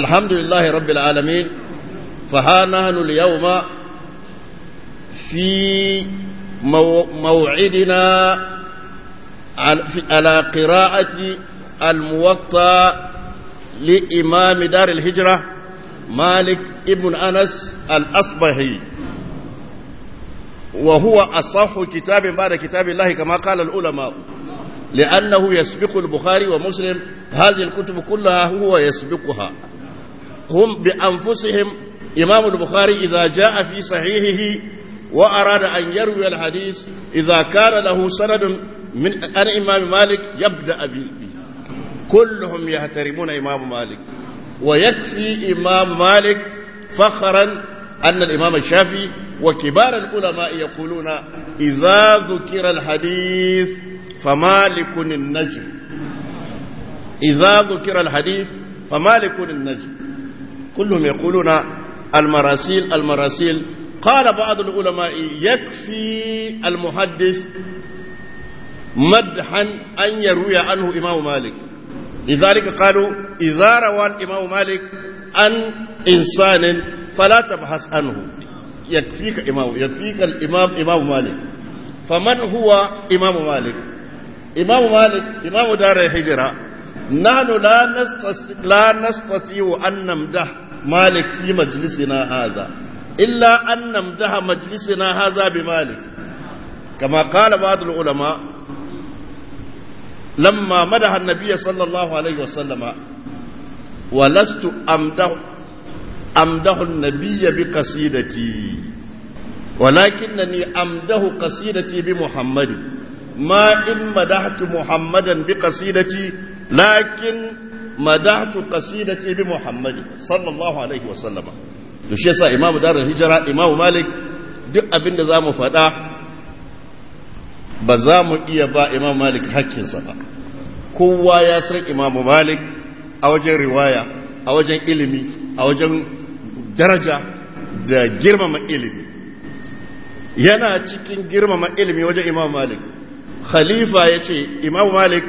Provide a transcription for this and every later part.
الحمد لله رب العالمين فها نحن اليوم في موعدنا على قراءة الموطأ لإمام دار الهجرة مالك ابن أنس الأصبهي وهو أصح كتاب بعد كتاب الله كما قال العلماء لأنه يسبق البخاري ومسلم هذه الكتب كلها هو يسبقها هم بأنفسهم إمام البخاري إذا جاء في صحيحه وأراد أن يروي الحديث إذا كان له سند من أن إمام مالك يبدأ به كلهم يحترمون إمام مالك ويكفي إمام مالك فخرا أن الإمام الشافعي وكبار العلماء يقولون إذا ذكر الحديث فمالك النجم إذا ذكر الحديث فمالك النجم كلهم يقولون المراسيل المراسيل قال بعض العلماء يكفي المحدث مدحا أن يروي عنه إمام مالك لذلك قالوا إذا روى الإمام مالك عن إنسان فلا تبحث عنه يكفيك إمام يكفيك الإمام إمام مالك فمن هو إمام مالك إمام مالك إمام دار الهجرة نحن لا نستطيع أن نمدح maliki majalisi na haza illa annam daha majalisi na haza bi malik kama kala ba'adul ulama lamma madaha nabiya sallallahu alaihi wasallama wa lastu amdahu nabiya bi kasidati walakinnani amdahu kasidati bi muhammadin ma in madahtu muhammadan bi kasidati lakin madatu qasidati bi muhammad sallallahu alaihi wa sallama to shi yasa imamu darul hijra imamu malik duk abin da zamu faɗa ba za mu iya ba imamu malik hakkin sa ba kowa ya san imamu malik a wajen riwaya a wajen ilimi a wajen daraja da girmama ilimi yana cikin girmama ilimi wajen imamu malik khalifa ya ce imamu malik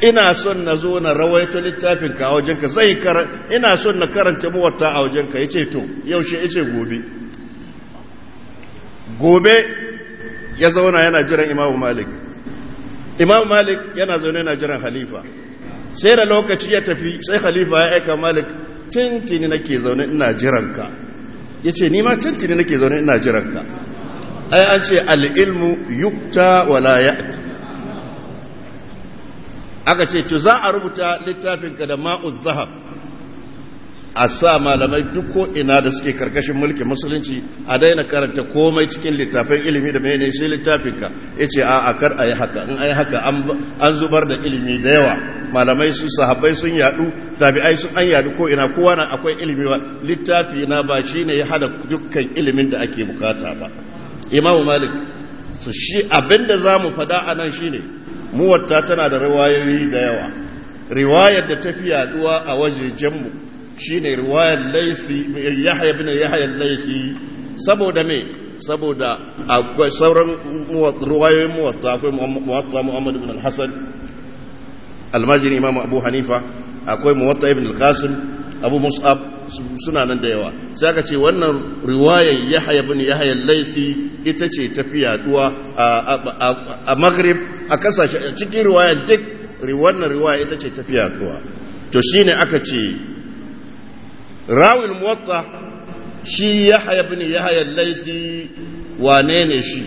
ina son na zo na rawaito littafin ka a wajenka zai karanta ina son na karanta muwatta a wajenka yace to yaushe yace gobe gobe ya zauna yana jiran imamu malik imamu malik yana zaune yana jiran Khalifa. sai da lokaci ya tafi sai Khalifa ya aika malik tintini nake zaune ina jiranka yace ni ma tintini nake zaune ina jiranka ai an ce al-ilmu yukta wala ya'ti aka ce to za a rubuta littafinka da ma'uz zahab a sa malamai duk ko ina da suke karkashin mulkin musulunci a daina karanta komai cikin littafin ilimi da menene shi littafinka ya ce a kar ayi yi haka in a yi haka an zubar da ilimi da yawa malamai su sahabbai sun yadu tabi'ai sun an yadu ko ina kowa na akwai ilimi wa littafi na ba shine ya hada dukkan ilimin da ake bukata ba imamu malik su shi abinda za mu faɗa a nan muwatta tana da riwayoyi da yawa riwayar da tafi yaduwa a wajejenmu shine riwayar laisi yahya ibn yahya laisi saboda me saboda akwai sauran riwayoyin muwatta akwai muwatta muhammad ibn al-hasan almajin imam abu hanifa akwai muwatta ibn al-qasim abu mus'ab suna nan da yawa sai aka ce wannan riwayar yahya bin yahya laifi ita ce tafi yaduwa a maghrib a kasashe cikin riwaya duk wannan riwaya ita ce tafi yaduwa to shine aka ce rawil muwatta shi yahya bin yahya laifi wane ne shi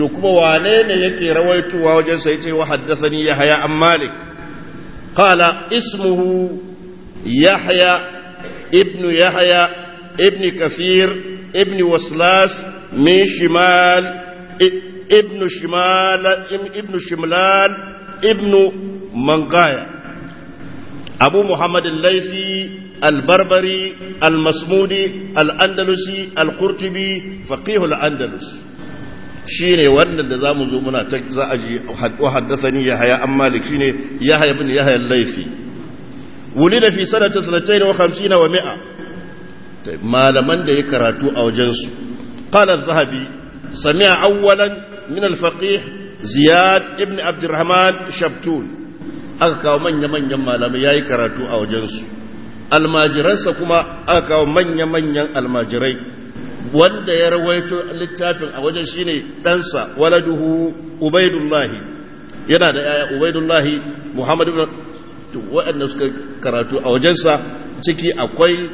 to kuma wane ne yake rawaitowa wajen sai ce wa haddathani yahya an malik qala ismuhu يحيى ابن يحيى ابن كثير ابن وسلاس من شمال ابن شمال ابن شملال ابن منقايا أبو محمد الليثي البربري المصمودي الأندلسي القرطبي فقيه الأندلس shine wannan da zamu zo muna ta za a ji wa haddathani yahya an malik shine yahya ibn yahya al-laifi wulida fi sanata sanatayn wa khamsina wa mi'a malaman da ya karatu a wajensu qala az-zahabi sami'a awwalan min al-faqih ziyad ibn abd al-rahman shabtun aka kawo manya-manyan malamai yayi karatu a wajensu almajiransa kuma aka kawo manya-manyan almajirai wanda ya rawaito littafin a wajen shine ɗansa waladuhu ubaidullahi yana da yaya ubaidullahi muhammad ibn to waɗanda suka karatu a wajensa ciki akwai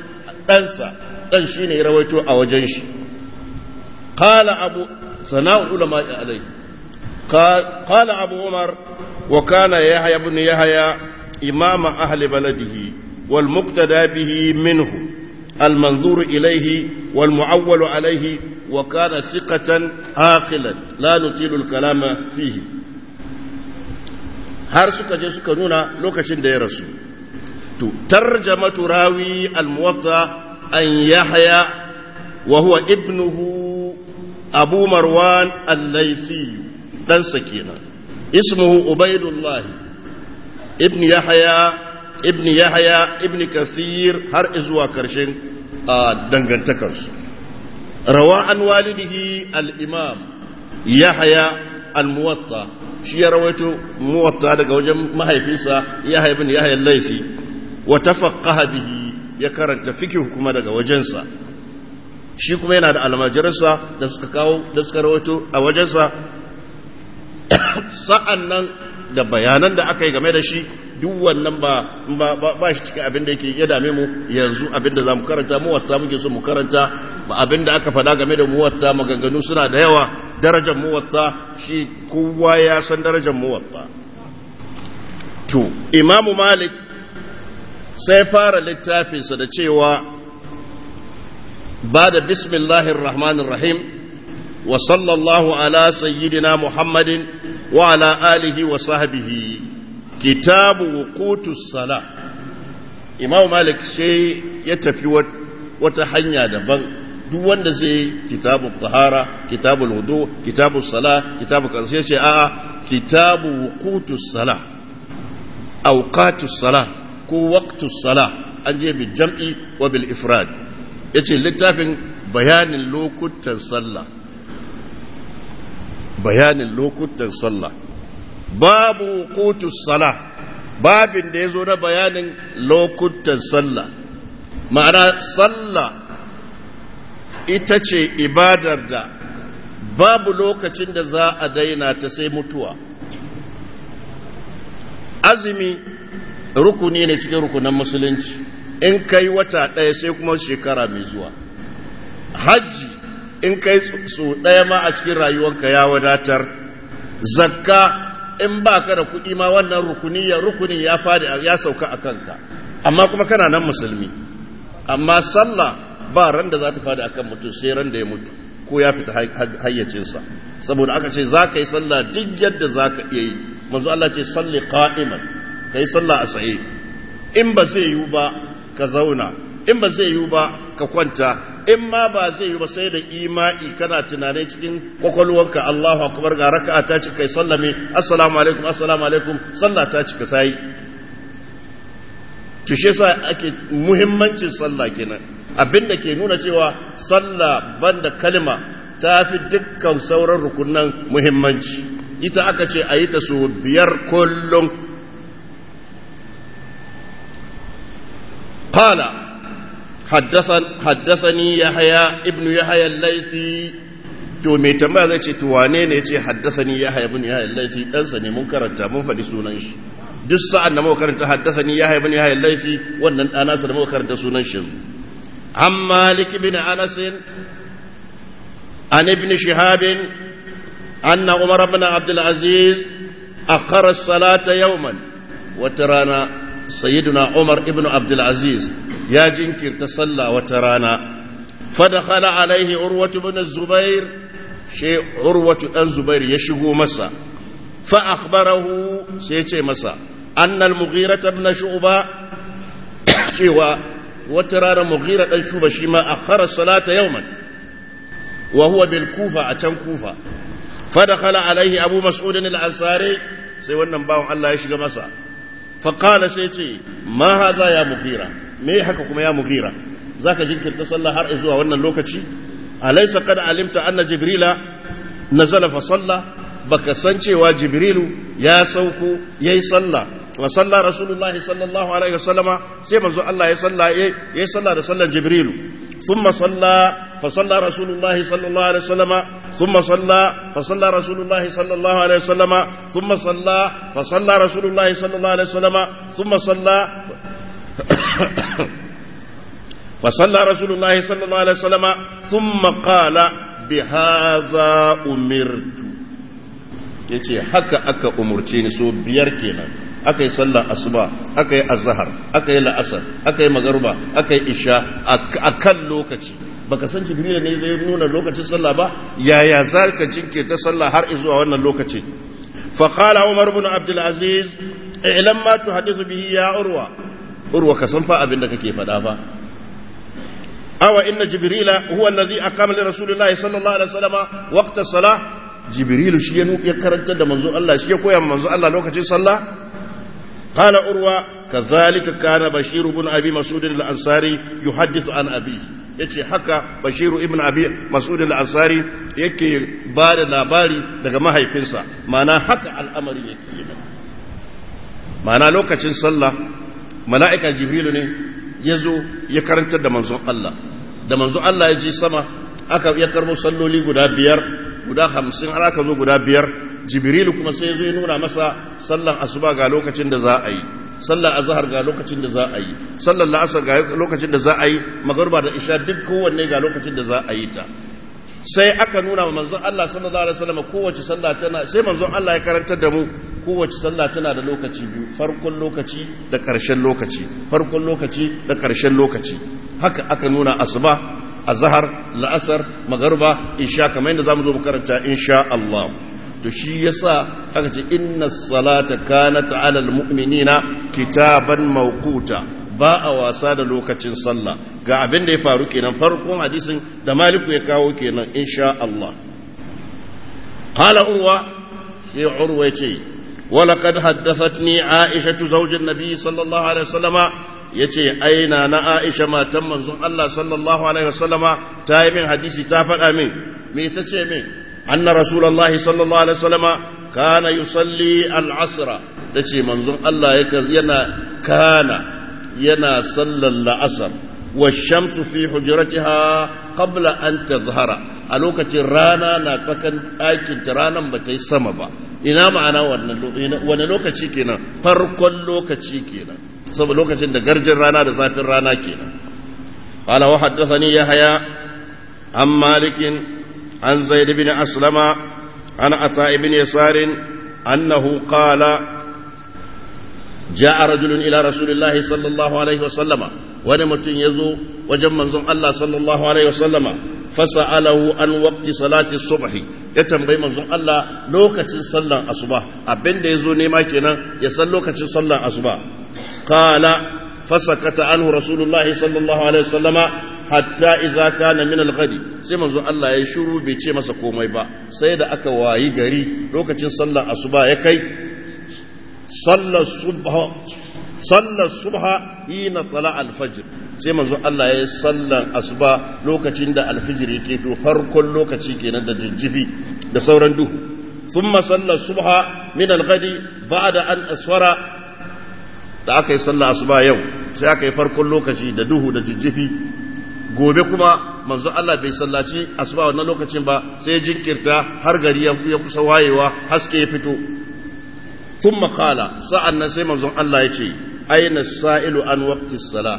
ɗansa ɗan shi ne rawaito a wajen shi kala abu sana'un ulama alai kala abu umar wa kana yahya ibn imama ahli baladihi wal muktada bihi minhu al manzur ilaihi, wal mu'awwalu alaihi wa kana thiqatan aqilan la nutilu al kalama fihi har suka je suka nuna lokacin da ya rasu to tarjamatu rawi al-muwatta an yahya wa huwa ibnuhu abu marwan al-laisi dan kenan ismuhu ubaidullah ibn yahya ibn yahya ibn kasir har izuwa karshen dangantakarsu rawa an walidihi al-imam yahya al-muwatta shi ya rawaito muwatta daga wajen mahaifinsa ya haibin ya haifi laifi wa tafaqaha bihi ya karanta fikin kuma daga wajensa shi kuma yana da almajiransa da suka kawo da suka rawaito a wajensa sa'an nan da bayanan da aka yi game da shi duk wannan ba ba shi cikin abin da yake ya dame mu yanzu abin da za mu karanta muwatta muke so mu karanta abin da aka faɗa game da muwatta maganganu suna da yawa darajar muwatta shi kowa ya san darajar muwatta to imamu malik sai fara littafinsa da cewa ba da bismillahir rahmanir rahim wa sallallahu ala sayyidina muhammadin wa ala alihi wa sahbihi kitabu wuqutus sala imamu malik sai ya tafi wata hanya daban duk wanda zai kitabu tahara kitabu wudu kitabu sala kitabu kaza ce a'a kitabu wuqutus sala awqatus sala ko waqtus sala an je bi jam'i wa bil ifrad yace littafin bayanin lokutan sallah bayanin lokutan sallah babu wuqutus sala babin da yazo na bayanin lokutan sallah ma'ana sallah ita ce ibadar da babu lokacin da za a daina ta sai mutuwa azumi rukuni ne cikin rukunan musulunci in kai wata ɗaya sai kuma shekara mai zuwa hajji in kai su ɗaya ma a cikin rayuwanka ya wadatar zakka in ba ka da kuɗi ma wannan rukuni ya rukuni ya fadi ya sauka a kanka amma kuma kana nan musulmi amma sallah ba ran da za ta fada akan mutum sai ran da ya mutu ko ya fita hayyacinsa saboda aka ce za ka yi sallah duk yadda za ka iya yi manzo Allah ce salli qa'iman ka yi sallah a tsaye in ba zai yiwu ba ka zauna in ba zai yiwu ba ka kwanta in ma ba zai yiwu ba sai da imai kana tunane cikin kwakwalwarka Allahu akbar ga raka'a ta ci kai sallame assalamu alaikum assalamu alaikum sallah ta ka sai to shi yasa ake muhimmancin sallah kenan abinda ke nuna cewa sallah banda kalima ta fi dukkan sauran rukunan muhimmanci ita aka ce a yi ta su biyar kullum قال ya haya يحيى ya haya laifi, to mai tambaya zai ce to ne ce haddasani ya haya ne ya haya laifi ɗansa ne mun karanta mun faɗi sunan shi duk sa'an da muka karanta haddasa ni ya haibu ne ya laifi wannan ɗana sa da muka karanta sunan shi an malik bin anas an ibn Shihabin, an na umar ibn Abdulaziz, a akhara as-salata yawman wata rana sayyiduna umar ibn Abdulaziz ya jinkirta sallah wata rana fadakhala alaihi urwatu ibn zubair she urwatu ɗan zubair ya shigo masa fa akhbarahu sai ce masa annal mughira ibn shu'ba cewa wata rana mughira dan shuba shi ma akhara salata yawman wa huwa bil kufa a can kufa fa dakhala alaihi abu mas'ud al-ansari sai wannan bawon Allah ya shiga masa fa qala ce ma hadha ya mughira me haka kuma ya mughira zaka jinkirta sallah har zuwa wannan lokaci alaysa qad alimta anna jibrila nazala fa salla baka san cewa jibrilu ya sauko yayi sallah wa salla rasulullahi sallallahu alaihi wasallama sai manzo Allah ya salla ya salla da sallan jibrilu sun masalla fa salla rasulullahi sallallahu alaihi wasallama thumma salla fa salla rasulullahi sallallahu alaihi wasallama thumma salla fa salla rasulullahi sallallahu alaihi wasallama thumma salla فصلى رسول الله صلى الله عليه وسلم ثم قال بهذا أمرت ya ce haka aka umurce ni so biyar kenan aka yi sallar asuba aka yi azahar aka yi la'asar aka yi magarba aka yi isha a kan lokaci baka san jibrila ne zai nuna lokacin sallah ba yaya za ka ta sallah har zuwa wannan lokaci faƙala umar bin abdulaziz ilan ma hadisu bihi ya urwa urwa ka san fa abin da kake faɗa ba awa inna jibrila huwa alladhi aqama li rasulillahi sallallahu alaihi wasallam waqta salah jibrilu shi ya karanta da manzo Allah shi ya koya manzo Allah lokacin sallah qala urwa kadhalika kana bashir ibn abi mas'ud al-ansari yuhaddithu an abi yace haka bashir ibn abi mas'ud al-ansari yake ba da labari daga mahaifinsa mana haka al'amari yake mana lokacin sallah mala'ika jibrilu ne yazo ya karantar da manzo Allah da manzo Allah ya ji sama aka ya karbo salloli guda biyar guda hamsin har ka zo guda biyar jibrilu kuma sai zai nuna masa sallan asuba ga lokacin da za a yi sallan azhar ga lokacin da za a yi sallan la'asar ga lokacin da za a yi magarba da isha duk kowanne ga lokacin da za a yi ta sai aka nuna wa manzon Allah sallallahu alaihi wasallam kowace sallah tana sai manzon Allah ya karantar da mu kowace sallah tana da lokaci biyu farkon lokaci da ƙarshen lokaci farkon lokaci da ƙarshen lokaci haka aka nuna asuba azhar la'asar magharba isha kamar yadda zamu zo mu karanta insha Allah to shi yasa aka ce inna salata kanat ala almu'minina kitaban mawquta ba a wasa da lokacin sallah ga abin da ya faru kenan farkon hadisin da maliku ya kawo kenan insha Allah qala urwa sai urwa yace wa laqad haddathatni aisha zawjin nabi sallallahu alaihi wasallama yace ce aina na aisha matan manzo Allah sallallahu Alaihi wasallama ta yi min hadisi ta faɗa min me ta ce min an na rasulallah sallallahu Alaihi wasallama kana yusalli al’asira ta ce manzon Allah yana kana yana sallar la’asar wa shamsu fi hujjarati ha ƙabla an ta zahara a lokacin rana na fakan ɗakin ta ranar ba ta yi sama ba ina ma'ana wani lokaci kenan farkon lokaci kenan saboda lokacin da garjin rana da zafin rana kenan qala wa ya haya an malikin an zaid ibn aslama an ata ibn yasar annahu qala جاء رجل إلى رسول الله صلى الله عليه وسلم ونمت يزو وجمع الله صلى الله عليه وسلم fasa'alahu an waqti salati subhi ya tambayi manzon Allah lokacin sallan asuba abinda yazo nema kenan ya san lokacin sallan asuba قال فسكت عنه رسول الله صلى الله عليه وسلم حتى إذا كان من الغد سيما زو الله يشرو بيتشي مسا كومي با سيدا أكا واي غري لوكا صلى أصبا يكي صلى الصبح صلى الصبح حين طلع الفجر سيما زو الله يصلى أصبا لوكا تشند الفجر يكيتو فرقل لوكا تشيكي ندى ججفي دا سورا دوه ثم صلى الصبح من الغد بعد أن أسفر da aka yi sallah asuba yau sai aka yi farkon lokaci da duhu da jijjifi gobe kuma manzo Allah bai sallaci asuba wannan lokacin ba sai ya jinkirta har gari ya kusa wayewa haske ya fito tun makala sa'an na sai manzon Allah ya ce aina sa'ilu an waqti sala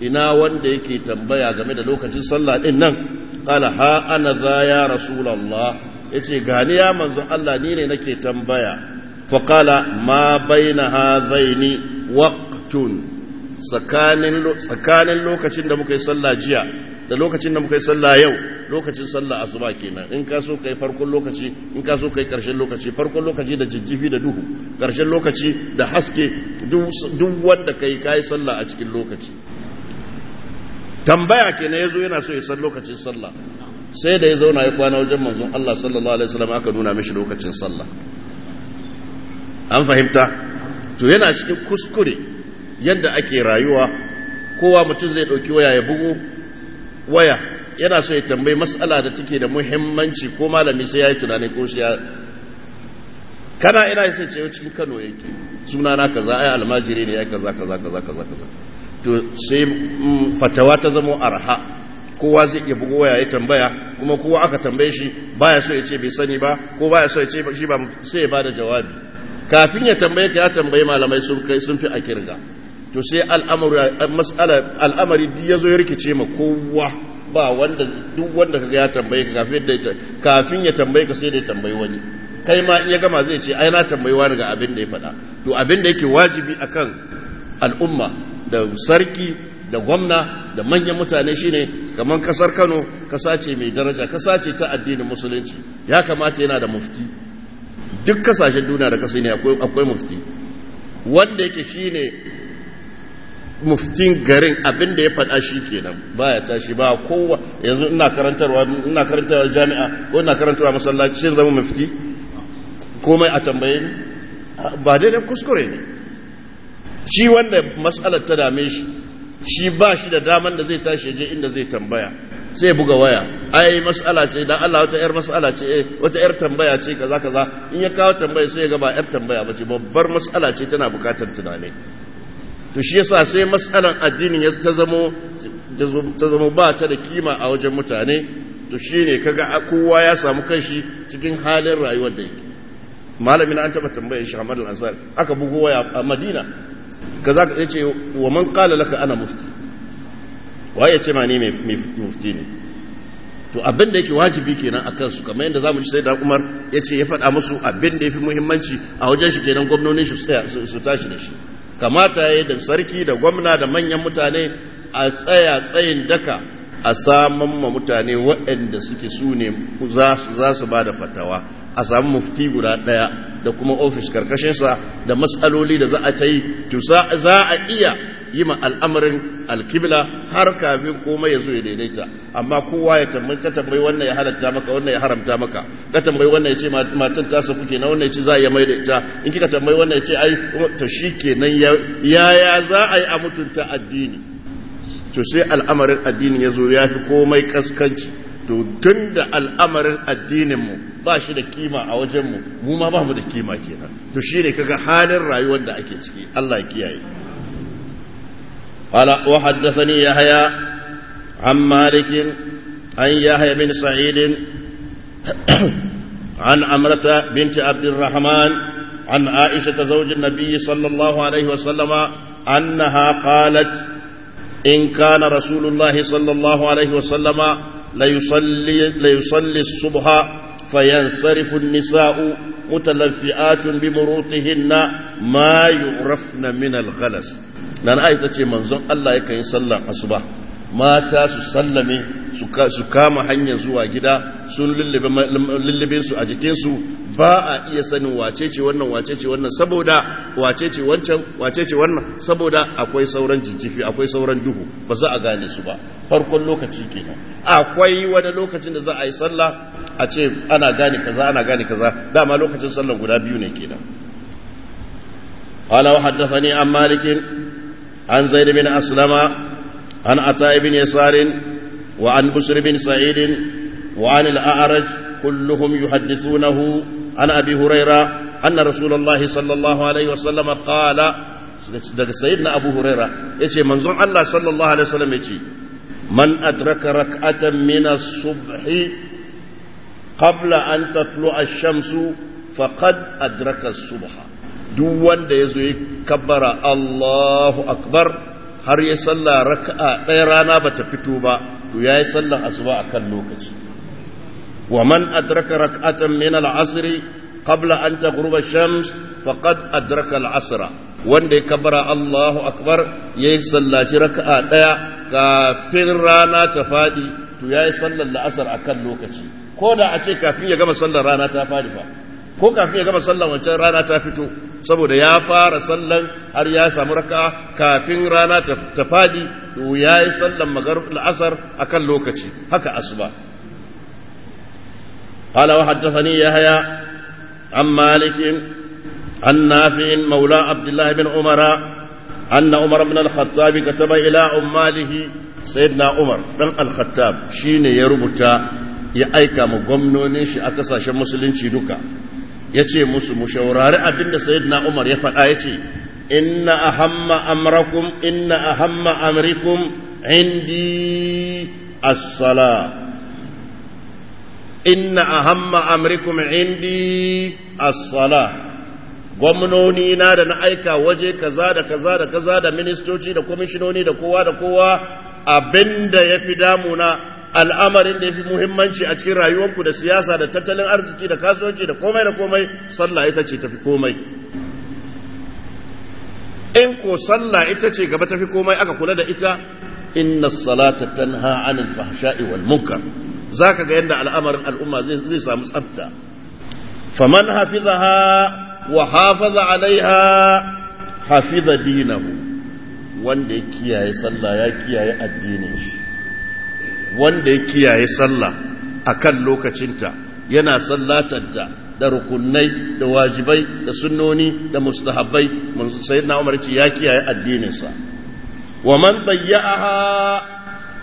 ina wanda yake tambaya game da lokacin sallah din nan Ƙala ha ana za ya rasulullah yace gani ya manzon Allah ni ne nake tambaya فقال ما بين هذين وقت tsakanin lokacin da muka yi sallah jiya da lokacin da muka yi sallah yau lokacin sallah asuba kenan in ka so kai farkon lokaci in ka so kai karshen lokaci farkon lokaci da jijjifi da duhu karshen lokaci da haske duk wanda kai kai sallah a cikin lokaci tambaya kenan yazo yana so ya san lokacin sallah sai da ya zauna ya kwana wajen manzon Allah sallallahu alaihi wasallam aka nuna mishi lokacin sallah an fahimta to yana cikin kuskure yadda ake rayuwa kowa mutum zai ɗauki waya ya bugu waya yana so ya tambayi matsala da take da muhimmanci ko malami sai ya yi tunani ko shi ya kana ina sai ce cikin kano yake suna na kaza ai almajiri ne ya kaza kaza kaza kaza kaza to sai mm, fatawa ta zama arha kowa zai iya bugu waya ya tambaya kuma kowa aka tambaye shi baya so ya ce bai sani ba ko baya so ya ce shi ba sai ya bada jawabi kafin ya tambaye ka ya tambaye malamai sun kai sun fi a kirga to sai al'amari duk ya zo ya rikice ma kowa ba wanda duk wanda kaga ya tambaye ka kafin ya tambaye ka sai da tambayi wani kai ma in ya gama zai ce ai na tambayi wani ga abin da ya faɗa to abin da yake wajibi akan al'umma da sarki da gwamna da manyan mutane shine kamar kasar Kano kasa mai daraja kasa ce ta addinin musulunci ya kamata yana da mufti duk kasashen duniya da kasu ne akwai mufti wanda yake shine muftin garin abinda ya faɗa shi kenan baya tashi ba kowa yanzu ina karantarwa ina karantarwa jami'a ko ina karantarwa masallaci sai zama mufti komai a tambaye ni ba daidai kuskure ne shi wanda mas'alar ta dame shi shi ba shi da daman da zai tashi je inda zai tambaya sai buga waya ai mas'ala ce dan Allah wata yar mas'ala ce eh wata yar tambaya ce kaza kaza in ya kawo tambaya sai ga ba yar tambaya bace babbar mas'ala ce tana bukatar tunani to shi yasa sai mas'alan addini ya ta zamo ta zamo ba ta da kima a wajen mutane to shine kaga kowa ya samu kanshi cikin halin rayuwar da yake malamin an taba tambayar shi Ahmad al-Ansari aka bugo waya a Madina kaza ka ce wa man qala laka ana mufti waye ce ma ni mufti ne to abin da yake wajibi kenan a kansu kamar yadda za mu ci sai da Umar ce ya faɗa musu abin da ya fi muhimmanci a wajen shi kenan gwamnonin shi su tashi da shi kamata ya yi da sarki da gwamna da manyan mutane a tsaya tsayin daka a saman ma mutane waɗanda suke su ne za su ba da fatawa a samu mufti guda ɗaya da kuma ofis karkashinsa da matsaloli da za a ta yi to za a iya yi ma al'amarin alkibla har kafin komai ya zo ya daidaita amma kowa ya tambayi ka tambayi wannan ya halatta maka wannan ya haramta maka ka tambayi wannan ya ce matan ta kuke na wannan ya ce za a yi mai da ita in kika tambayi wannan ya ce ai ta shi kenan yaya za a yi a mutunta addini to sai al'amarin addini ya zo ya fi komai kaskanci to tun da al'amarin addininmu ba shi da kima a wajenmu mu ma ba mu da kima kenan to shi ne kaga halin rayuwar da ake ciki Allah ya kiyaye قال وحدثني يحيى عن مالك عن يحيى بن سعيد عن عمرة بنت عبد الرحمن عن عائشة زوج النبي صلى الله عليه وسلم أنها قالت إن كان رسول الله صلى الله عليه وسلم ليصلي, ليصلي الصبح فينصرف النساء متلفئات بمروطهن ما يعرفن من الغلس na na aisha ce manzon Allah yakan yi sallan asuba mata su sallame su kama hanyar zuwa gida sun lullube su a jikinsu ba a iya sanin wacece wannan wacece wannan saboda wacece wancan ce wannan saboda akwai sauran jijjifi akwai sauran duhu ba za a gane su ba farkon lokaci kenan akwai wani lokacin da za a yi sallah a ce ana gane kaza ana gane kaza dama lokacin sallah guda biyu ne kenan قال وحدثني عن مالك عن زيد بن أسلم عن عطاء بن يسار bin saidin wa سعيد وعن الأعرج كلهم يحدثونه عن أبي هريرة أن رسول الله صلى الله عليه وسلم قال daga sayid na abu huraira ya ce manzon Allah sallallahu alaihi wasallam ya ce man adraka rak'atan min as-subhi an taflu a shamsu faqad adraka as-subha duk wanda ya zo ya kabbara Allahu akbar har ya salla raka'a ɗaya rana ba ta fito ba to ya yi sallar asuba a kan lokaci wa man adraka raka'atan min al-asri qabla an taghruba shams faqad adraka al-asra wanda ya kabbara Allahu akbar ya yi sallaci raka'a ɗaya kafin rana ta faɗi to ya yi sallar la'asar a kan lokaci ko da a ce kafin ya gama sallar rana ta faɗi fa ko kafin ya gama sallan wancan rana ta fito saboda ya fara sallar har ya samu raka kafin rana ta faɗi, to ya yi sallan magarfin asar a kan lokaci haka asuba hala wa haddasa ni ya haya an malikin an nafin maula abdullahi bin umara an na umar bin al-khattab ga taba ila un malihi sayyidina umar ɗan al-khattab shine ya rubuta ya aika mu gwamnonin shi a kasashen musulunci duka ya ce musu mu shaurari abinda sayyidina umar ya faɗa ya ce inna hamma amrakum inna ahamma amrikum indi as-sala inna ahamma amrikum indi as gwamnoni na da na aika waje kaza da kaza da kaza da ministoci da kwamishinoni da kowa da kowa abinda ya fi damuna al'amarin da ya fi muhimmanci a cikin rayuwarku da siyasa da tattalin arziki da kasuwanci da komai da komai sallah ita ce tafi komai in ko sallah ita ce gaba tafi komai aka kula da ita inna salata tanha anil fahsha'i wal munkar zaka ga yadda al'amarin al'umma zai samu tsafta faman hafizaha wa hafaza alaiha hafiza dinahu wanda ya kiyaye sallah ya kiyaye addinin shi wanda ya kiyaye sallah a kan lokacinta yana sallatarta da rukunai da wajibai da sunoni, da mustahabbai sayyidina Umar ce ya kiyaye addininsa wa man dayya'aha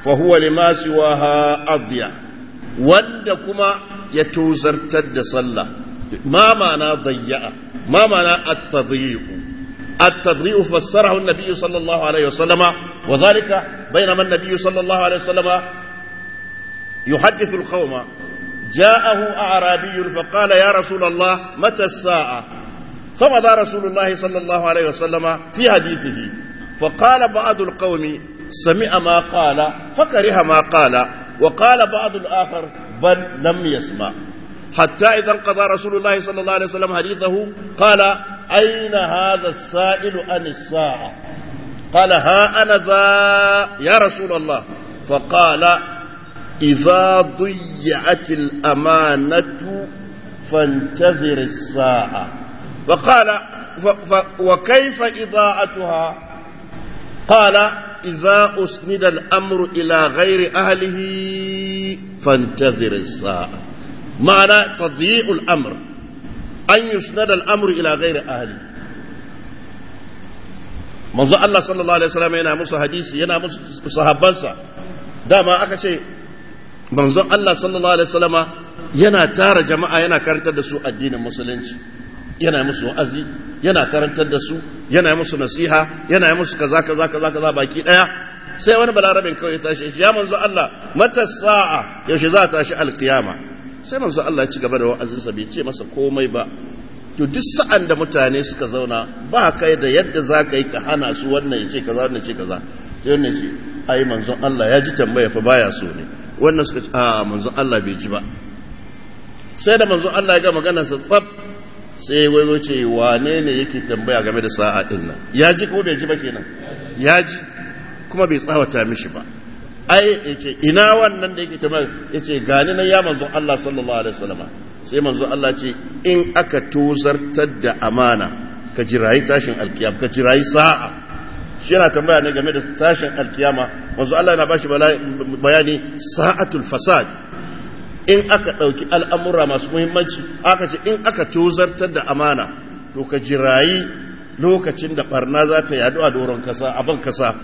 fa huwa lima siwaha adiya wanda kuma ya tozartar da sallah ma ma'ana dayya'a ma ma'ana at-tadyi'u التضيء فسره النبي صلى الله عليه وسلم وذلك بينما النبي Sallallahu alaihi wa sallama. يحدث القوم جاءه أعرابي فقال يا رسول الله متى الساعة فمضى رسول الله صلى الله عليه وسلم في حديثه فقال بعض القوم سمع ما قال فكره ما قال وقال بعض الآخر بل لم يسمع حتى إذا انقضى رسول الله صلى الله عليه وسلم حديثه قال أين هذا السائل عن الساعة قال ها أنا ذا يا رسول الله فقال إذا ضيعت الأمانة فانتظر الساعة وقال وكيف إضاعتها قال إذا أسند الأمر إلى غير أهله فانتظر الساعة معنى تضييع الأمر أن يسند الأمر إلى غير أهله manzo الله sallallahu alaihi wasallam yana musu hadisi yana musu sahabbansa dama aka ce manzon Allah sallallahu alaihi wasallama yana tara jama'a yana karantar da su addinin musulunci yana musu wa'azi yana karantar da su yana musu nasiha yana musu kaza kaza kaza kaza baki daya sai wani balarabin kawai ya tashi ya manzo Allah mata sa'a yaushe za ta tashi alkiyama sai manzo Allah ya ci gaba da wa'azinsa bai ce masa komai ba to duk sa'an da mutane suka zauna ba kai da yadda za ka yi ka hana su wannan ya ce kaza wannan ce kaza sai wannan ce ai manzon Allah ya ji tambaya fa baya so ne wannan suka ce a manzon Allah bai ji ba sai da manzon Allah ya ga magana sa tsab sai wayo ce, wane ne yake tambaya game da sa'a din nan ya ji ko bai ji ba kenan ya ji kuma bai tsawata mishi ba ai yace ina wannan da yake tambaya yace gani nan ya manzon Allah sallallahu alaihi wasallam sai manzon Allah ce in aka tozartar da amana ka jirayi tashin alkiyam ka jirayi sa'a shi yana tambaya ne game da tashin alkiyama wanzu Allah yana bashi bayani sa'atul fasad in aka ɗauki al'amura masu muhimmanci aka ce in aka tozartar da amana to ka jirayi lokacin da barna za ta yadu a doron kasa a ban kasa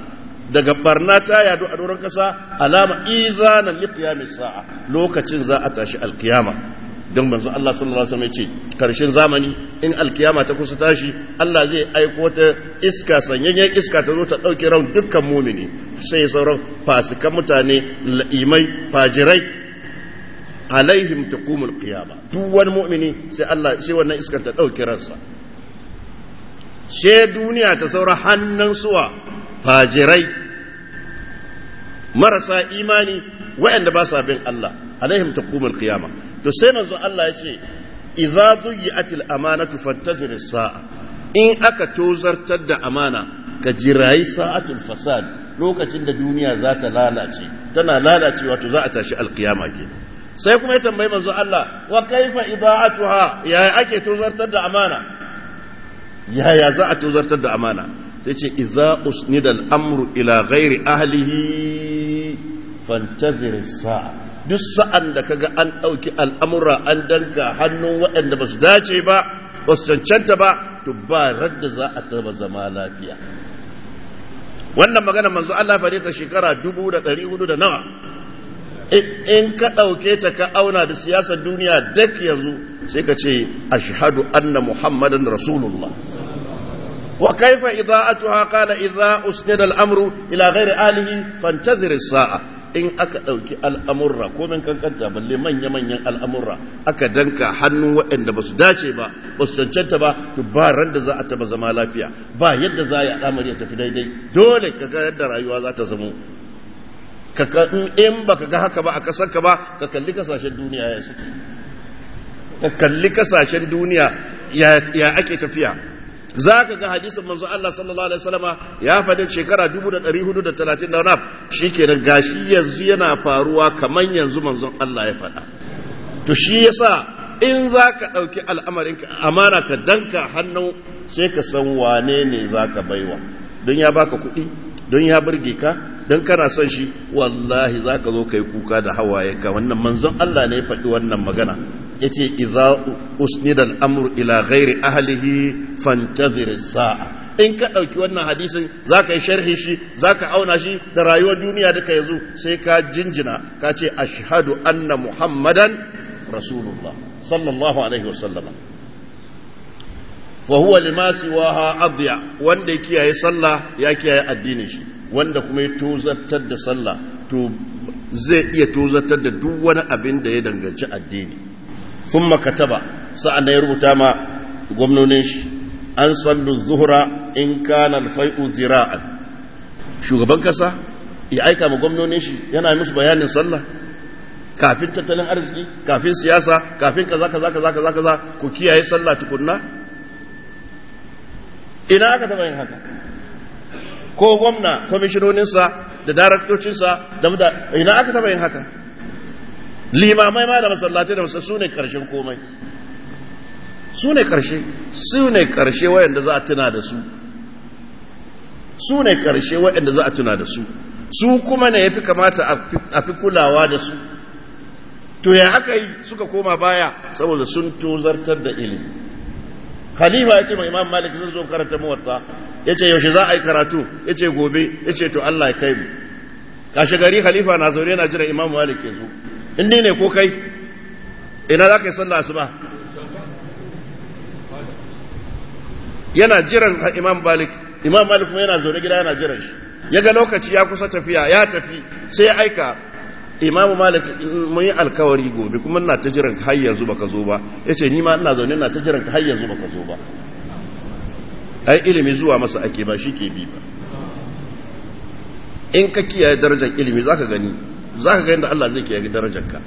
daga barna ta yadu a doron kasa alama izanan mai sa'a lokacin za a tashi alkiyama don banzu Allah sallallahu alaihi wasallam ya ce karshen zamani in alkiyama ta kusa tashi Allah zai aiko ta iska sanyayyen iska ta zo ta ɗauki ran dukkan mumini sai sauran fasikan mutane la'imai fajirai alaihim taqumul qiyama duk wani mu'mini sai Allah sai wannan iska ta dauki ransa she duniya ta saura hannun suwa fajirai marasa imani waɗanda ba sa bin Allah alaihim taqumul qiyama to sai manzo Allah ya ce idza duyi'atil amana fantazir sa'a in aka tozartar da amana ka jirayi sa'atul fasad lokacin da duniya za ta lalace tana lalacewa to za a tashi alkiyama ke, sai kuma ya tambayi manzo Allah wa kaifa idaatuha yaya ake tozartar da amana yaya za a tozartar da amana sai ce iza usnida al-amru ila ghairi ahlihi fantazir sa'a duk sa'an da kaga an ɗauki al'amura an danka hannun waɗanda ba su dace ba ba su cancanta ba to ba radda za a taba zama lafiya wannan magana manzo Allah fare ta shekara dubu da ɗari hudu da nawa in ka ɗauke ta ka auna da siyasar duniya duk yanzu sai ka ce ashhadu anna muhammadan rasulullah وكيف إذاعتها قال إذا أسند ila إلى غير أهله فانتظر sa'a. in aka ɗauki al'amurra ko min kankanta balle manya-manyan al'amurra aka danka hannun waɗanda ba su dace ba ba su cancanta ba to ba ran da za a taba zama lafiya ba yadda za a yi al'amari ya tafi daidai dole ka ga yadda rayuwa za ta zamo in ba ka ga haka ba a kasar ka ba ka kalli kasashen duniya ya suke ka kalli kasashen duniya ya ake tafiya za ka ga hadisin manzo Allah sallallahu alaihi wasallama ya faɗin shekara 1430 shi kenan gashi yanzu yana faruwa kamar yanzu manzon Allah ya faɗa to shi yasa in za ka ɗauki al'amarinka amana ka danka hannu sai ka san wane ne za ka baiwa don ya baka kuɗi don ya burge ka don kana son shi wallahi za ka zo ka yi kuka da hawayenka wannan manzon Allah ne ya faɗi wannan magana yace ce iza al-amru ila gairi ahlihi fantazir sa'a in ka ɗauki wannan hadisin ka yi sharhi shi za ka auna shi da rayuwar duniya duka yanzu sai ka jinjina ka ce ashhadu anna muhammadan rasulullah sallallahu alaihi wasallama fa huwa lima siwaha adya wanda kiyaye sallah ya kiyaye addinin shi wanda kuma ya tozartar da sallah to zai iya tozartar da duk wani abin da ya danganci addini sun makataba sa'an da ya rubuta ma gwamnonin shi an sallu zuhura in kana alfai'u zira'an shugaban kasa ya aika ma gwamnonin shi yana musu bayanin sallah kafin tattalin arziki kafin siyasa kafin kaza kaza kaza kaza kaza ku kiyaye sallah tukunna ina aka taba yin haka ko gwamna kwamishinoninsa da daraktocinsa da ina aka taba yin haka limamai ma da masallatai da masallatai su ne karshen komai su ne karshe su ne karshe wayanda za a tuna da su su ne karshe wayanda za a tuna da su su kuma ne yafi kamata a fi kulawa da su to ya aka yi suka koma baya saboda sun tozartar da ilimi khalifa ya ce ma imam malik zan zo karanta muwatta ya ce yaushe za a yi karatu ya ce gobe ya ce to allah ya kai mu kashi gari khalifa na zaune yana jira imam malik ke zo inda ne ko kai ina za ka yi sallah ba yana jiran imam malik imam malik kuma yana zaune gida yana jiran shi ya ga lokaci ya kusa tafiya ya tafi sai ya aika imam malik mun yi alkawari gobe kuma ina ta jiran har yanzu baka zo ba yace ni ma ina zaune ina ta jiran har yanzu baka zo ba ai ilimi zuwa masa ake ba shi ke bi ba in ka kiyaye darajar ilimi za ka gani za ka gani da Allah zai kiyaye darajarka.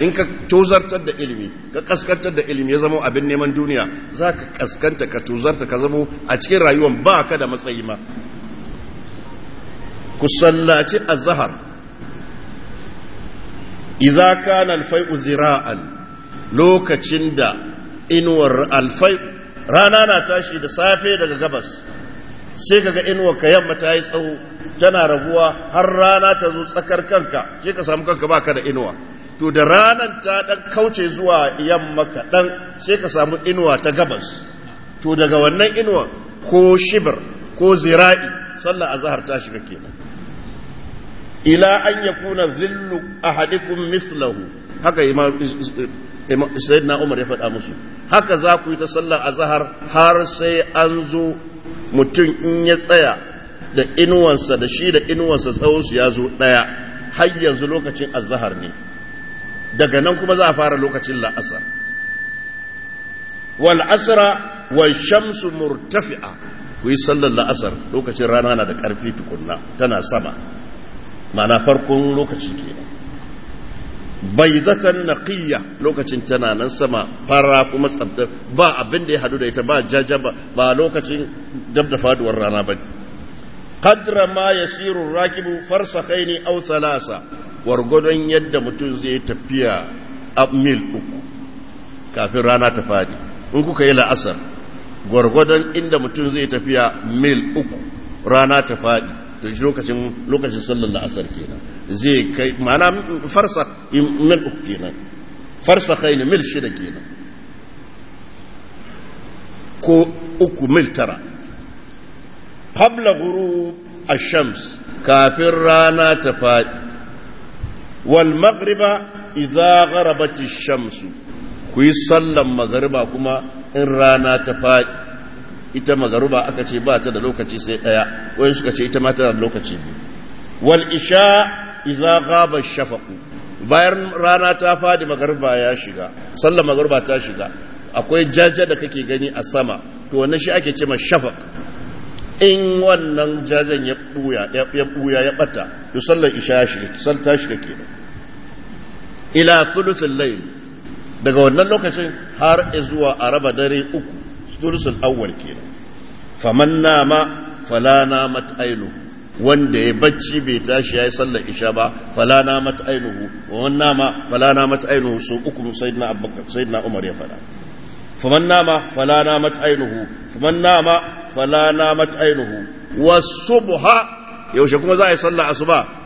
in ka tozartar da ilimi ka kaskantar da ilimi ya zama abin neman duniya za ka kaskanta ka tozarta ka zama a cikin rayuwan ba ka da matsayi ma ku sallaci azhar idza kana alfai'u zira'an lokacin da inuwar alfai rana na tashi da safe daga gabas sai kaga inuwa ka yamma ta yi tsawo tana raguwa har rana ta zo tsakar kanka sai ka samu kanka baka da inuwa to da ranan ta dan kauce zuwa yamma kaɗan sai ka samu inuwa ta gabas to daga wannan inuwa ko shibir ko zira'i sallar azhar ta shiga kenan ila an yakuna zillu ahadikum mislahu haka imam sayyidina umar ya faɗa musu haka za ku yi ta sallar azhar har sai an zo mutum in ya tsaya da inuwansa da shi da inuwansa su ya zo ɗaya har yanzu lokacin azahar ne daga nan kuma za a fara lokacin la'asar wal asra wal shamsu murtafi'a ku yi sallar la'asar lokacin rana na da ƙarfi tukunna tana sama ma'ana farkon lokaci kenan baydatan naqiyya lokacin tana nan sama fara kuma tsabtar ba abin da ya hadu da ita ba jajaba ba lokacin dab faduwar rana ba qadra ma yasiru rakibu farsakhaini aw thalasa wargodon yadda mutum zai tafiya a mil uku kafin rana ta fadi in kuka yi la'asar gwargwadon inda mutum zai tafiya mil uku rana ta fadi to lokacin lokacin sallar la'asar kenan zai kai ma'ana farsa mil uku kenan farsa kai ne mil shida kenan ko uku mil tara habla guru shams kafin rana ta faɗi wal magriba idza gharabati shamsu ku yi sallan magariba kuma in rana ta faɗi ita magaruba aka ce ba ta da lokaci sai ɗaya wani suka ce ita ma tana da lokaci biyu wal isha iza gaba shafaku bayan rana ta fadi magaruba ya shiga sallar magaruba ta shiga akwai jaja da kake gani a sama to wannan shi ake ce ma shafak in wannan jajan ya buya ya buya ya bata to sallar isha ya shiga sallar ta shiga kenan ila thuluthil layl daga wannan lokacin har zuwa araba dare uku thulusul awwal kenan faman nama fala namat ainu wanda ya bacci bai tashi yayi sallar isha ba fala namat ainuhu wa man nama fala namat ainuhu su uku sayyidina abubakar sayyidina umar ya fada faman nama fala namat ainuhu faman nama fala namat ainuhu was subha yaushe kuma za a yi sallar asuba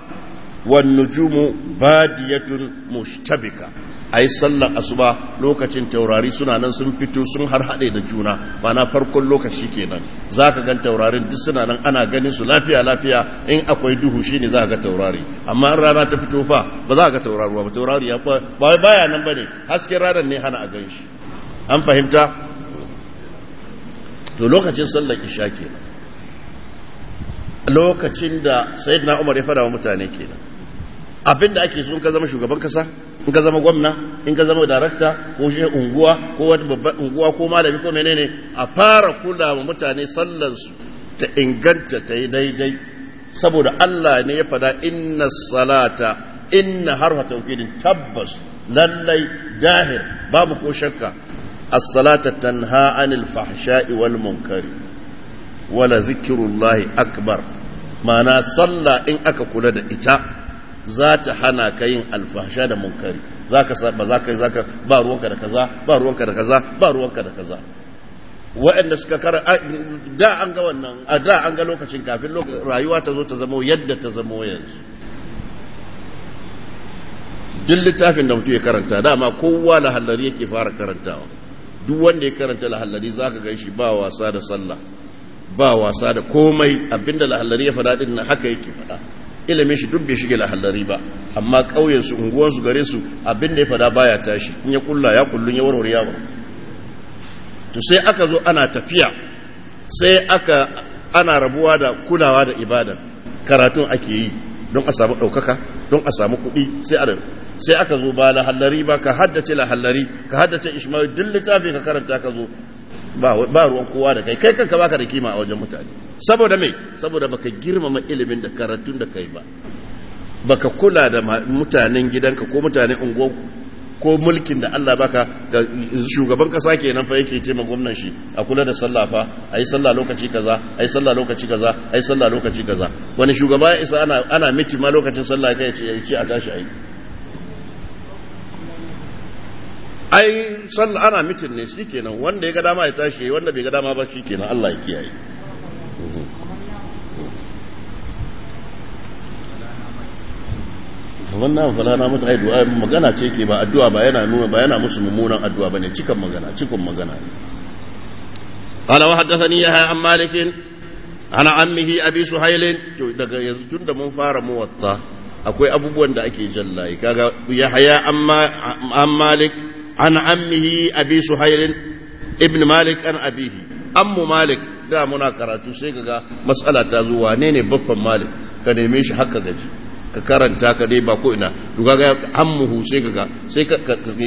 والنجوم بادية مشتبكة أي صلى أصبع لوكة توراري سنة ننسم فتو سن هرحدي دجونا فأنا فرق لوكة شكينا ذاك كان توراري دسنا نن أنا غني سلافيا لافيا إن أقوي دوه شيني ذاك توراري أما رانا تفتو فا بذاك توراري وتوراري باي باي ne hana رانا gan أغنش أم فهمتا to lokacin sallar isha kenan lokacin da sayyidina umar ya fada wa mutane kenan Abin da ake so in ka zama shugaban kasa in ka zama gwamna in ka zama darakta ko shi unguwa ko wata babban unguwa ko malami ko menene a fara kula wa mutane su ta inganta ta yi daidai saboda Allah ne ya fada inna salata inna harfa tawkidin tabbas lallai dahir babu ko shakka as-salata tanha anil fahsha'i wal munkari wala zikrullahi akbar ma'ana sallah in aka kula da ita za ta hana ka yin alfasha da munkari za ka ba za ka za ka ba ruwanka da kaza ba ruwanka da kaza ba ruwanka da kaza waɗanda suka kara da an ga wannan a da an ga lokacin kafin rayuwa ta zo ta zamo yadda ta zamo yanzu duk littafin da mutum ya karanta dama kowa lahallari yake fara karantawa duk wanda ya karanta lahallari za ka gan shi ba wasa da sallah ba wasa da komai abinda lahallari ya faɗa ɗin haka yake faɗa ilimin shi duk bai shige lahallari ba amma kauyen su unguwan su gare su abin da ya fada baya tashi in ya kulla ya kullun ya warware ya to sai aka zo ana tafiya sai aka ana rabuwa da kulawa da ibada karatun ake yi don a samu ɗaukaka don a samu kuɗi sai a sai aka zo ba lahallari ba ka haddace lahallari ka haddace ismail dillita littafi ka karanta ka zo ba ruwan kowa da kai kai kanka baka da kima a wajen mutane saboda me saboda baka girmama ilimin da karatun da kai ba baka kula da mutanen gidanka ko mutanen unguwar ko mulkin da Allah baka shugaban kasa kenan fa yake ce ma gwamnan shi a kula da sallah fa ayi sallah lokaci kaza ayi sallah lokaci kaza ayi sallah lokaci kaza wani shugaba ya isa ana ana miti ma lokacin sallah kai ya ce a tashi ayi ai san ana mitin ne shi kenan wanda ya ga dama ya tashi wanda bai ga dama ba shi kenan Allah ya kiyaye mhm. wannan fala na mata ai du'a magana ce ke ba addu'a ba yana nuna ba yana musu mummunan addu'a bane cikan magana cikon magana ne قال وحدثني يحيى عن مالك عن عمه ابي To daga yanzu tunda mun fara muwatta akwai abubuwan da ake jalla kaga haya amma an malik an ammihi abi suhailin ibn malik an abihi ammu malik da muna karatu sai ga matsala ta zuwa ne ne babban malik ka neme shi haka gaji ka karanta ka dai ba ko ina to kaga ammuhu sai kaga sai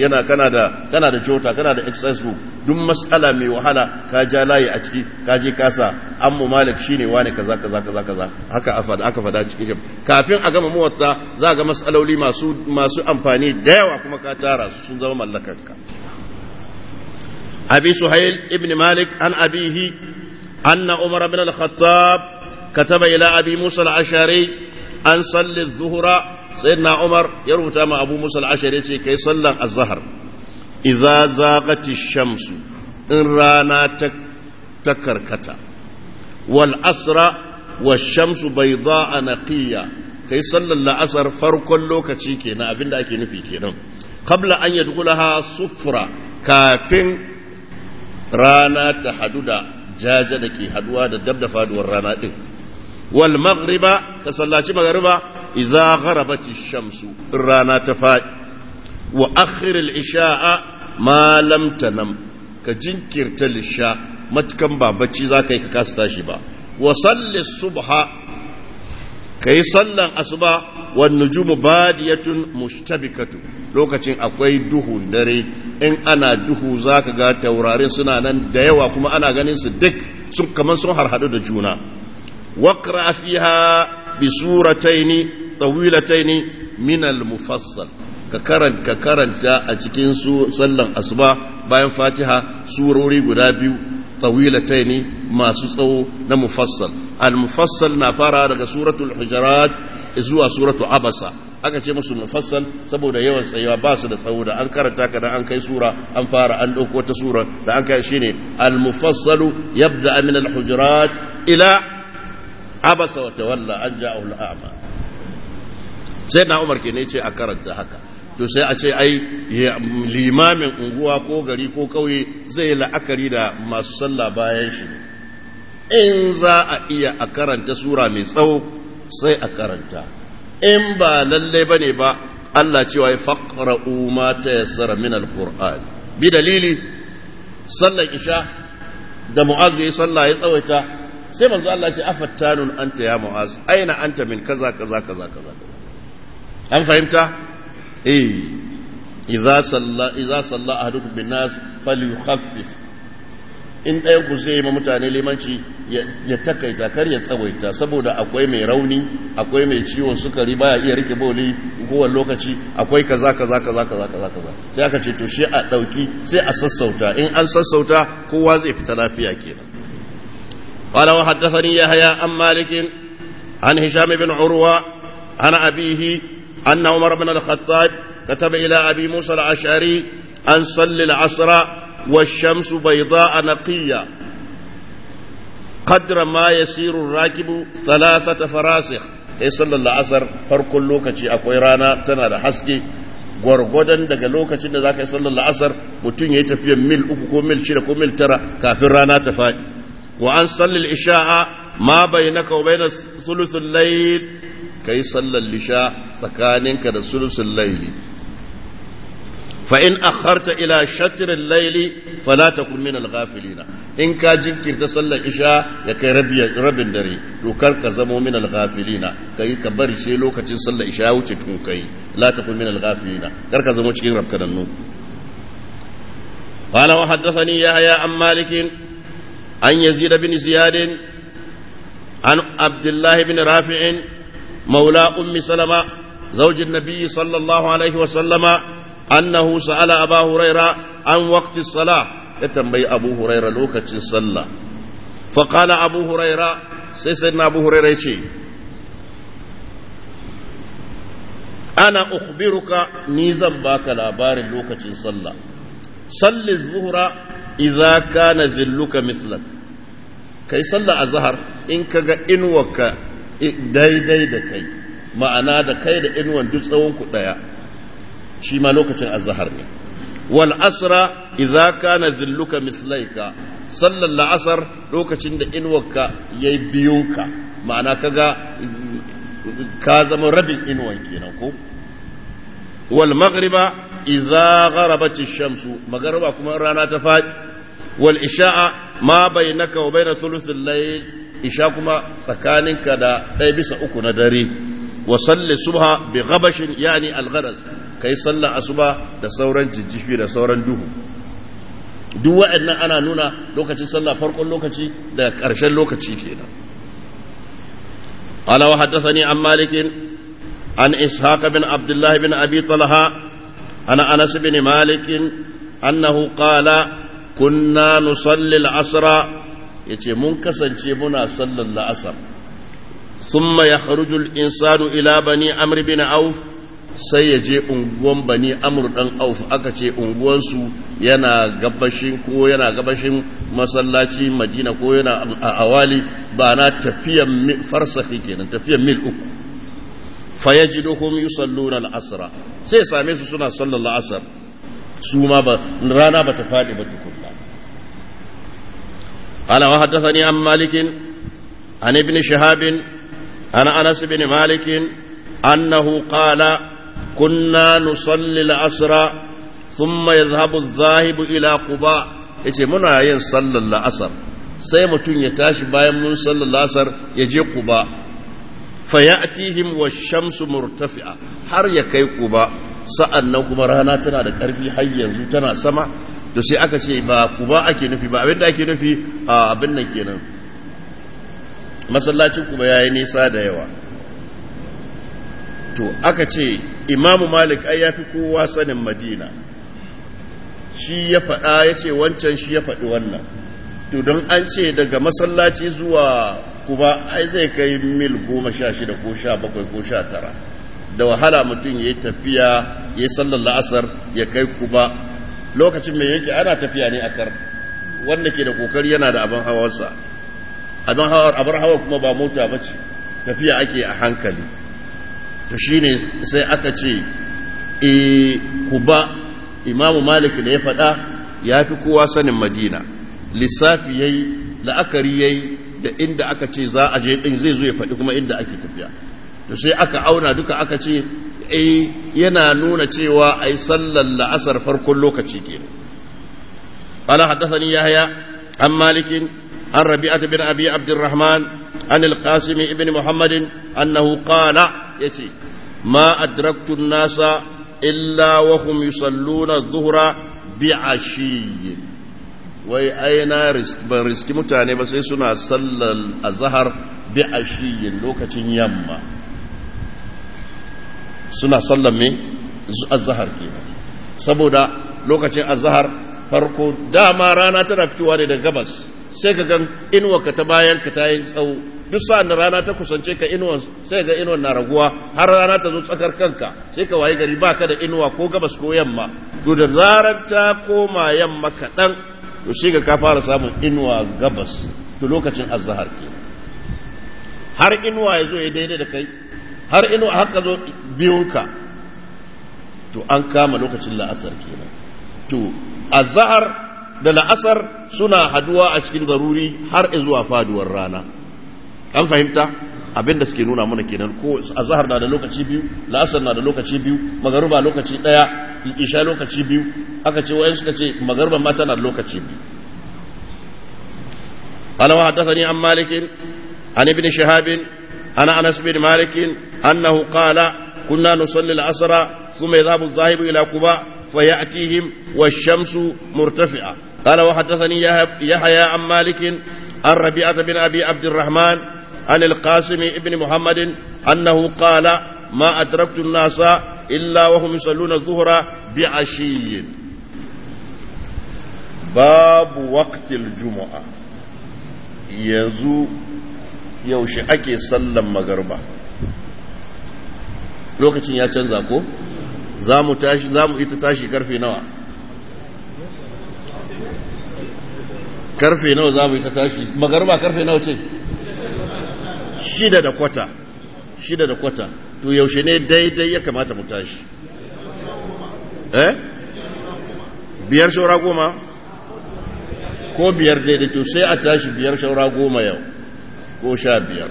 yana kana da kana da jota kana da exercise book duk mas'ala mai wahala ka ja layi a ciki ka je ka sa mu malik shine wani kaza kaza kaza kaza haka fada aka fada cikin kafin a gama muwatta za ga mas'aloli masu masu amfani da yawa kuma ka tara su sun zama mallakanka abi suhail ibn malik an abihi anna umar bin al-khattab كتب إلى أبي موسى العشاري an salli zuhura sai na umar ya rubuta ma abu musul ashar ya ce kai sallan azahar iza zagati shamsu in rana ta karkata wal asra wa shamsu bai za a naƙiya kai sallan la'asar farkon lokaci kenan abinda ake nufi kenan kabla an yadkhulaha sufura kafin rana ta hadu da jaja da ke haduwa da dab da faduwar rana ɗin. wal maghriba ka sallaci maghriba idza gharabati shamsu rana ta faɗi wa akhir al isha'a ma lam tanam ka jinkirta lisha Matukar ba bacci zaka yi ka kasu tashi ba wa salli subha kayi sallan asuba wan nujumu badiyatun mushtabikatu lokacin akwai duhu dare in ana duhu zaka ga taurarin suna nan da yawa kuma ana ganin su duk sun kaman sun harhadu da juna واقرأ فيها بسورتين طويلتين من المفصل ككرن ككرن تا أتكين سلن guda باين فاتحة سوروري قدابيو طويلتين ما سسو مفصل المفصل نفارا لك سورة الحجرات إزوا سورة عبسة aka ce musu mufassal saboda yawan tsayawa ba su da tsawo da an karanta ka da an kai sura an fara an ɗauko ta sura da an kai shine al-mufassalu yabda min al-hujurat ila abasa wa tawalla an ja'ahu al'ama sai na umar ke ne ce a karanta haka to sai a ce ai limamin unguwa ko gari ko kauye zai la'akari da masu sallah bayan shi in za a iya a karanta sura mai tsawo sai a karanta in ba lallai bane ba Allah cewa ya umma ma yassara min al bi dalili sallar isha da mu'azzu ya sallah ya tsawaita sai manzo Allah ce afattanun anta ya mu'az aina anta min kaza kaza kaza kaza an fahimta eh idza salla idza salla ahadukum bin nas falyukhaffif in ɗayan ku zai ma mutane limanci ya takaita kar ya tsawaita saboda akwai mai rauni akwai mai ciwon sukari baya iya rike boli kowane lokaci akwai kaza kaza kaza kaza kaza kaza sai aka ce to shi a ɗauki sai a sassauta in an sassauta kowa zai fita lafiya kenan قال وحدثني يحيى عن مالك عن هشام بن عروة عن أبيه أن عمر بن الخطاب كتب إلى أبي موسى الأشعري أن صل العصر والشمس بيضاء نقية قدر ما يسير الراكب ثلاثة فراسخ sai sallar la'asar farkon lokaci akwai rana tana da haske gwargwadon daga lokacin da za ka yi sallar la'asar mutum ya yi tafiyan mil uku ko mil shida ko mil tara kafin rana ta faɗi wa an sallil isha'a ma bainaka wa baina sulusul layl kai sallar lisha tsakaninka da sulusul laili. fa in akharta ila shatr laili layli fala takun min al-ghafilina in ka jinkirta sallar isha ya kai rabin dare to kar ka zamo min al-ghafilina kai ka bari sai lokacin sallar isha wuce tun kai la takun min al-ghafilina kar ka zamo cikin rabkadannu قال وحدثني يحيى an malikin. عن يزيد بن زياد عن عبد الله بن رافع مولى أم سلمة زوج النبي صلى الله عليه وسلم أنه سأل أبا هريرة عن وقت الصلاة يتنبي أبو هريرة لوكة الصلاة فقال أبو هريرة سيدنا أبو هريرة شيء أنا أخبرك نيزا باك لابار لوكة الصلاة صل الظهر iza kana zilluka mislan kai sallar azhar in kaga inwaka daidai da kai ma'ana da kai da inuwan duk tsawon ku daya shi ma lokacin azhar ne wal asra idza kana zilluka mislaika sallar la'asar lokacin da inuwarka yi biyunka ma'ana kaga ka zama rabin inwan kenan ko wal maghriba idza gharabat shamsu maghriba kuma rana ta fadi wal isha'a ma bainaka wa baina thuluthil layl isha kuma tsakaninka da ɗaya bisa uku na dare wa salli subha bi ghabashin yani al gharas kai sallar asuba da sauran jijjifi da sauran duhu duk waɗannan ana nuna lokacin sallah farkon lokaci da ƙarshen lokaci kenan قال وحدثني عن مالك عن إسحاق بن عبد الله بن أبي طلحة عن أنس بن مالك أنه قال kunna nusalli al'asra yace mun kasance muna sallar la'asar summa yakhruju al-insanu ila bani amir bin auf sai ya je unguwan bani amr dan auf aka ce unguwansu yana gabashin ko yana gabashin masallaci madina ko yana a awali ba na tafiyan farsafi kenan tafiyan mil uku fayajiduhum yusalluna al-asra sai same su suna sallar la'asar su ma rana ba ta faɗi ba tukunna ala wa haddasani an malikin an ibn shahabin an anas ibn malikin annahu qala kunna nusalli al-asra thumma yadhhabu adh-dhahibu ila quba yace muna yin sallar la'asar, sai mutum ya tashi bayan mun sallar la'asar ya je kuba. fayatihim wa shamsu murtafi'a har ya kai kuba sa'annan kuma rana tana da karfi har yanzu tana sama to sai aka ce ba kuba ake nufi ba abinda ake nufi a abin nan kenan masallacin kuba yayi nisa da yawa to aka ce imamu malik ai yafi kowa sanin madina shi ya faɗa ya ce wancan shi ya faɗi wannan to don an ce daga masallaci zuwa kuma ai zai kai mil goma sha shida ko sha bakwai ko sha tara da wahala mutum ya yi tafiya ya yi sallar la'asar ya kai kuba lokacin mai yake ana tafiya ne a kar wanda ke da kokari yana da abin hawarsa abin hawar abin hawa kuma ba mota ba ce tafiya ake a hankali to shine sai aka ce e kuba imamu malik da ya faɗa ya fi kowa sanin madina lissafi yayi la'akari yayi da inda aka ce za a je ɗin zai zo ya faɗi kuma inda ake tafiya da sai aka auna duka aka ce ai eh, yana nuna cewa ayi sallar la'asar farkon lokaci ke ala haddasani yahya an malikin an rabi'atu bin abi abdurrahman an alqasim ibn muhammad annahu qala yace ma adraktu an-nasa illa wa hum yusalluna adh-dhuhra bi'ashiyin wai aina ban riski mutane ba sai suna sallar azahar bi ashiyin lokacin yamma suna sallar me azahar ke saboda lokacin azahar farko dama rana tana fitowa ne da gabas sai ka gan ka ta bayan ka ta yi tsawo duk sa'an rana ta kusance ka inuwar sai ga inuwar na raguwa har rana ta zo tsakar kanka sai ka wayi gari baka da inuwa ko gabas ko yamma to zarar ta koma yamma kaɗan to shi ga ka fara samun inuwa gabas to lokacin azhar ke har inuwa ya ya daidai da kai har inuwa haka zo biyunka to an kama lokacin la'asar kenan to azhar da la'asar suna haduwa a cikin zaruri har zuwa faduwar rana an fahimta abinda suke nuna mana kenan ko azhar na da lokaci biyu la'asar na da lokaci biyu magaruba lokaci daya isha lokaci biyu aka ce wayan suka ce magaruba mata na da lokaci biyu ana wa hadda an malikin an ibn shahabin ana anas bin malikin annahu qala kunna nusalli al-asra thumma yadhhabu adh-dhahibu ila quba fa ya'tihim wash-shamsu murtafi'a قال وحدثني يحيى عن مالك عن ربيعة بن أبي عبد الرحمن عن القاسم ابن محمد أنه قال ما أدركت الناس إلا وهم يصلون الظهر بعشي باب وقت الجمعة يزو yaushe ake sallan magarba lokacin ya canza ko za mu tashi za mu ita tashi karfe nawa karfe nawa za mu ita tashi karfe nawa ce shida da kwata shida da kwata to yaushe ne daidai ya kamata mu tashi eh biyar shaura goma ko biyar daidai to sai a tashi biyar shaura goma yau ko sha biyar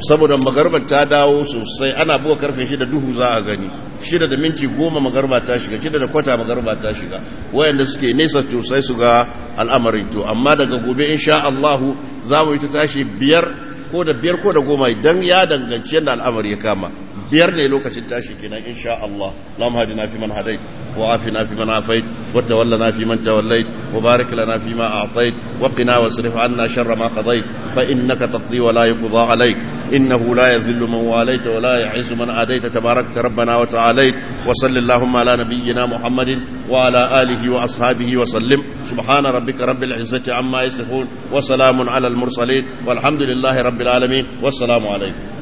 saboda magarba ta dawo sosai ana buga karfe shida duhu za a gani shida da minti goma magarba ta shiga shida da kwata magarba ta shiga wayanda suke nesa to sai su ga al'amarin to amma daga gobe insha Allah za mu yi ta tashi biyar ko da biyar ko da goma idan ya danganci yadda al'amari ya kama biyar ne lokacin tashi kenan insha Allah lam hadina fi man hadai وعافنا فيمن عافيت وتولنا فيمن توليت وبارك لنا فيما أعطيت وقنا واصرف عنا شر ما قضيت فإنك تقضي ولا يقضى عليك إنه لا يذل من واليت ولا يعز من عاديت تباركت ربنا وتعاليت وصل اللهم على نبينا محمد وعلى آله وأصحابه وسلم سبحان ربك رب العزة عما يصفون وسلام على المرسلين والحمد لله رب العالمين والسلام عليكم